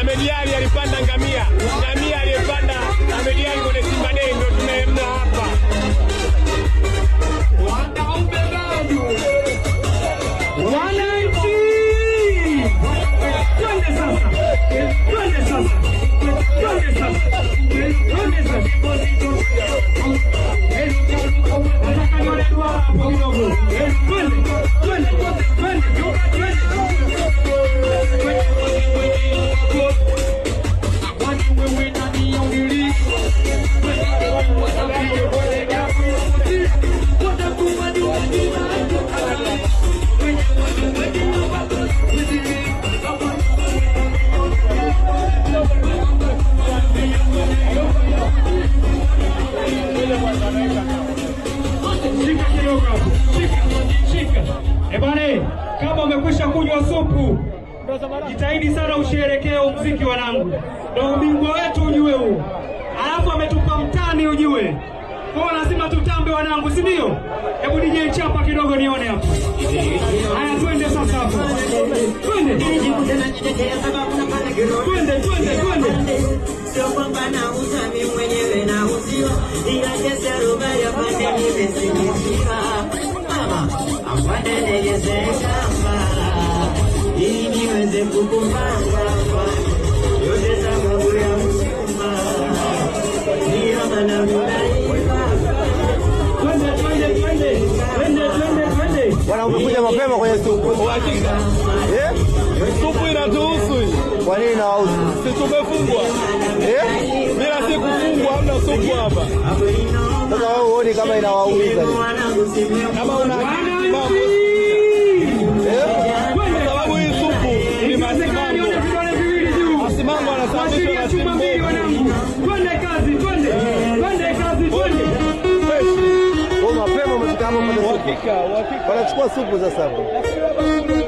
Amediari alipanda ngamia, ngamia wamekwisha kunywa supu, jitahidi sana usherekee muziki wanangu, na ubingwa wetu ujue huo. Alafu ametupa mtani ujue, kwao, lazima tutambe wanangu, si ndio? Hebu nije chapa kidogo nione hapo. Haya, twende sasa hapo, twende twende twende twende. Sio kwamba na mimi mwenyewe nauziwa, ila kesa rubaya pande nimesimamia mama ambanenegezeka Bwana, umekuja mapema kwenye supu. Eh? Supu inatuhusu. Kwa nini inawahusu? Si tumefungwa. Eh? Bila si kufungwa hamna supu hapa. Sasa wewe uone kama inawaumiza. Kama una eh? Olha, tu qual suco você